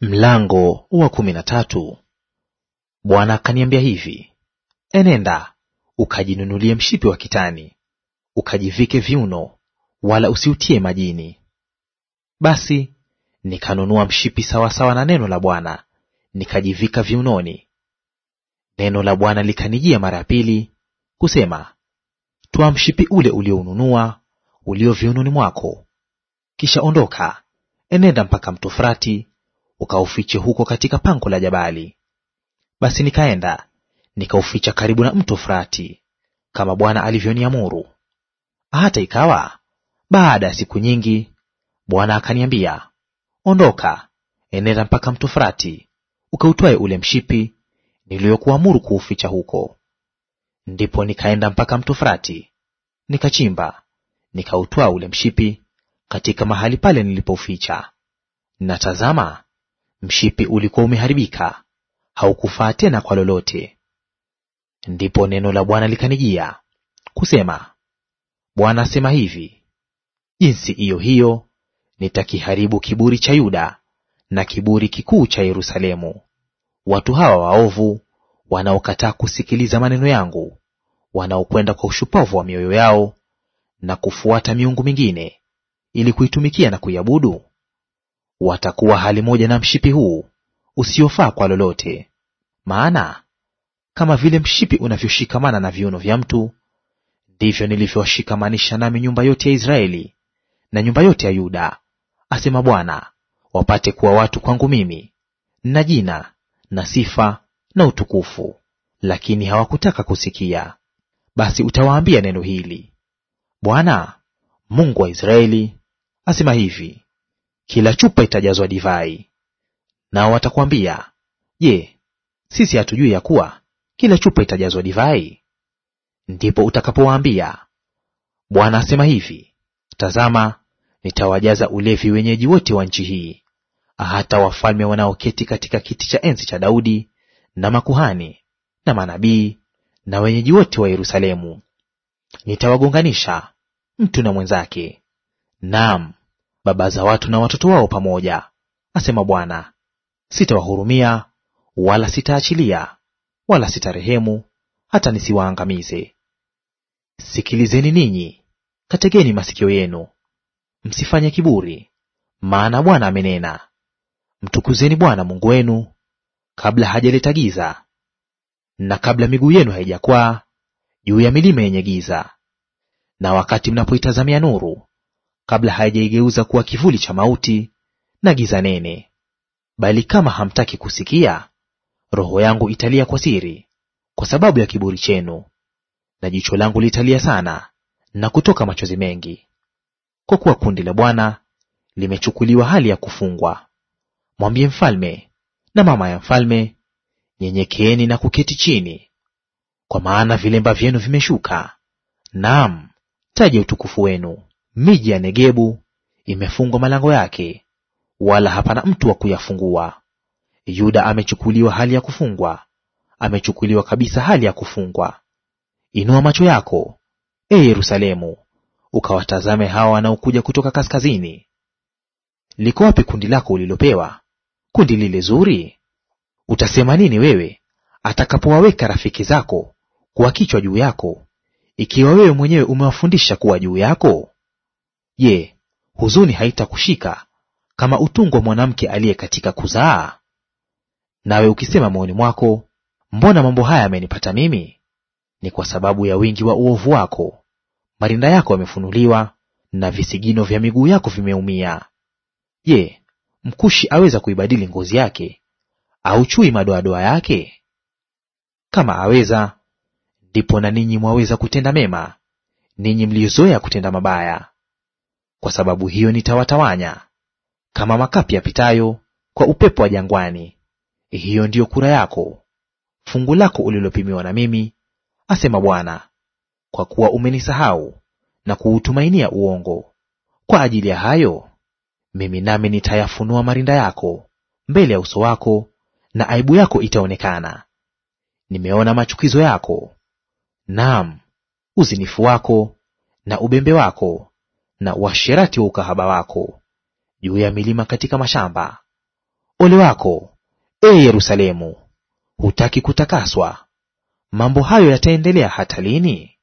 Mlango wa kumi na tatu. Bwana akaniambia hivi, enenda ukajinunulie mshipi wa kitani, ukajivike viuno, wala usiutie majini. Basi nikanunua mshipi sawasawa na neno la Bwana, nikajivika viunoni. Neno la Bwana likanijia mara ya pili kusema, toa mshipi ule ulioununua ulio viunoni mwako, kisha ondoka, enenda mpaka mto Frati ukaufiche huko katika pango la jabali. Basi nikaenda nikauficha karibu na mto Frati, kama Bwana alivyoniamuru. Hata ikawa baada ya siku nyingi, Bwana akaniambia, Ondoka, enenda mpaka mto Frati, ukautwae ule mshipi niliyokuamuru kuuficha huko. Ndipo nikaenda mpaka mto Frati, nikachimba, nikautwaa ule mshipi katika mahali pale nilipouficha. Natazama, mshipi ulikuwa umeharibika, haukufaa tena kwa lolote. Ndipo neno la Bwana likanijia kusema, Bwana asema hivi, jinsi iyo hiyo nitakiharibu kiburi cha Yuda na kiburi kikuu cha Yerusalemu. Watu hawa waovu wanaokataa kusikiliza maneno yangu, wanaokwenda kwa ushupavu wa mioyo yao na kufuata miungu mingine ili kuitumikia na kuiabudu, watakuwa hali moja na mshipi huu usiofaa kwa lolote. Maana kama vile mshipi unavyoshikamana na viuno vya mtu, ndivyo nilivyoshikamanisha nami nyumba yote ya Israeli na nyumba yote ya Yuda, asema Bwana, wapate kuwa watu kwangu mimi, na jina na sifa na utukufu. Lakini hawakutaka kusikia. Basi utawaambia neno hili: Bwana Mungu wa Israeli asema hivi, kila chupa itajazwa divai. Nao watakwambia, Je, sisi hatujui ya kuwa kila chupa itajazwa divai? Ndipo utakapowaambia, Bwana asema hivi, tazama, nitawajaza ulevi wenyeji wote wa nchi hii, hata wafalme wanaoketi katika kiti cha enzi cha Daudi na makuhani na manabii na wenyeji wote wa Yerusalemu. Nitawagonganisha mtu na mwenzake, naam baba za watu na watoto wao pamoja, asema Bwana. Sitawahurumia wala sitaachilia wala sitarehemu, hata nisiwaangamize. Sikilizeni ninyi, kategeni masikio yenu, msifanye kiburi, maana Bwana amenena. Mtukuzeni Bwana Mungu wenu kabla hajaleta giza, na kabla miguu yenu haijakwaa juu ya milima yenye giza, na wakati mnapoitazamia nuru kabla hajaigeuza kuwa kivuli cha mauti na giza nene. Bali kama hamtaki kusikia, roho yangu italia kwa siri kwa sababu ya kiburi chenu, na jicho langu litalia sana na kutoka machozi mengi, kwa kuwa kundi la Bwana limechukuliwa hali ya kufungwa. Mwambie mfalme na mama ya mfalme, nyenyekeeni na kuketi chini, kwa maana vilemba vyenu vimeshuka, naam taje utukufu wenu. Miji ya Negebu imefungwa malango yake, wala hapana mtu wa kuyafungua. Yuda amechukuliwa hali ya kufungwa, amechukuliwa kabisa hali ya kufungwa. Inua macho yako, e Yerusalemu, ukawatazame hawa wanaokuja kutoka kaskazini. Liko wapi kundi lako ulilopewa, kundi lile zuri? Utasema nini wewe atakapowaweka rafiki zako kuwa kichwa juu yako, ikiwa wewe mwenyewe umewafundisha kuwa juu yako? Je, huzuni haitakushika kama utungu wa mwanamke aliye katika kuzaa? Nawe ukisema moyoni mwako, mbona mambo haya yamenipata mimi? Ni kwa sababu ya wingi wa uovu wako, marinda yako yamefunuliwa, na visigino vya miguu yako vimeumia. Je, Mkushi aweza kuibadili ngozi yake, au chui madoadoa yake? Kama aweza, ndipo na ninyi mwaweza kutenda mema, ninyi mliozoea kutenda mabaya. Kwa sababu hiyo nitawatawanya kama makapi yapitayo kwa upepo wa jangwani. Hiyo ndiyo kura yako, fungu lako ulilopimiwa na mimi, asema Bwana. Kwa kuwa umenisahau na kuutumainia uongo, kwa ajili ya hayo mimi nami nitayafunua marinda yako mbele ya uso wako, na aibu yako itaonekana. Nimeona machukizo yako, naam, uzinifu wako na ubembe wako na uasherati wa ukahaba wako juu ya milima katika mashamba. Ole wako, e Yerusalemu, hutaki kutakaswa! Mambo hayo yataendelea hata lini?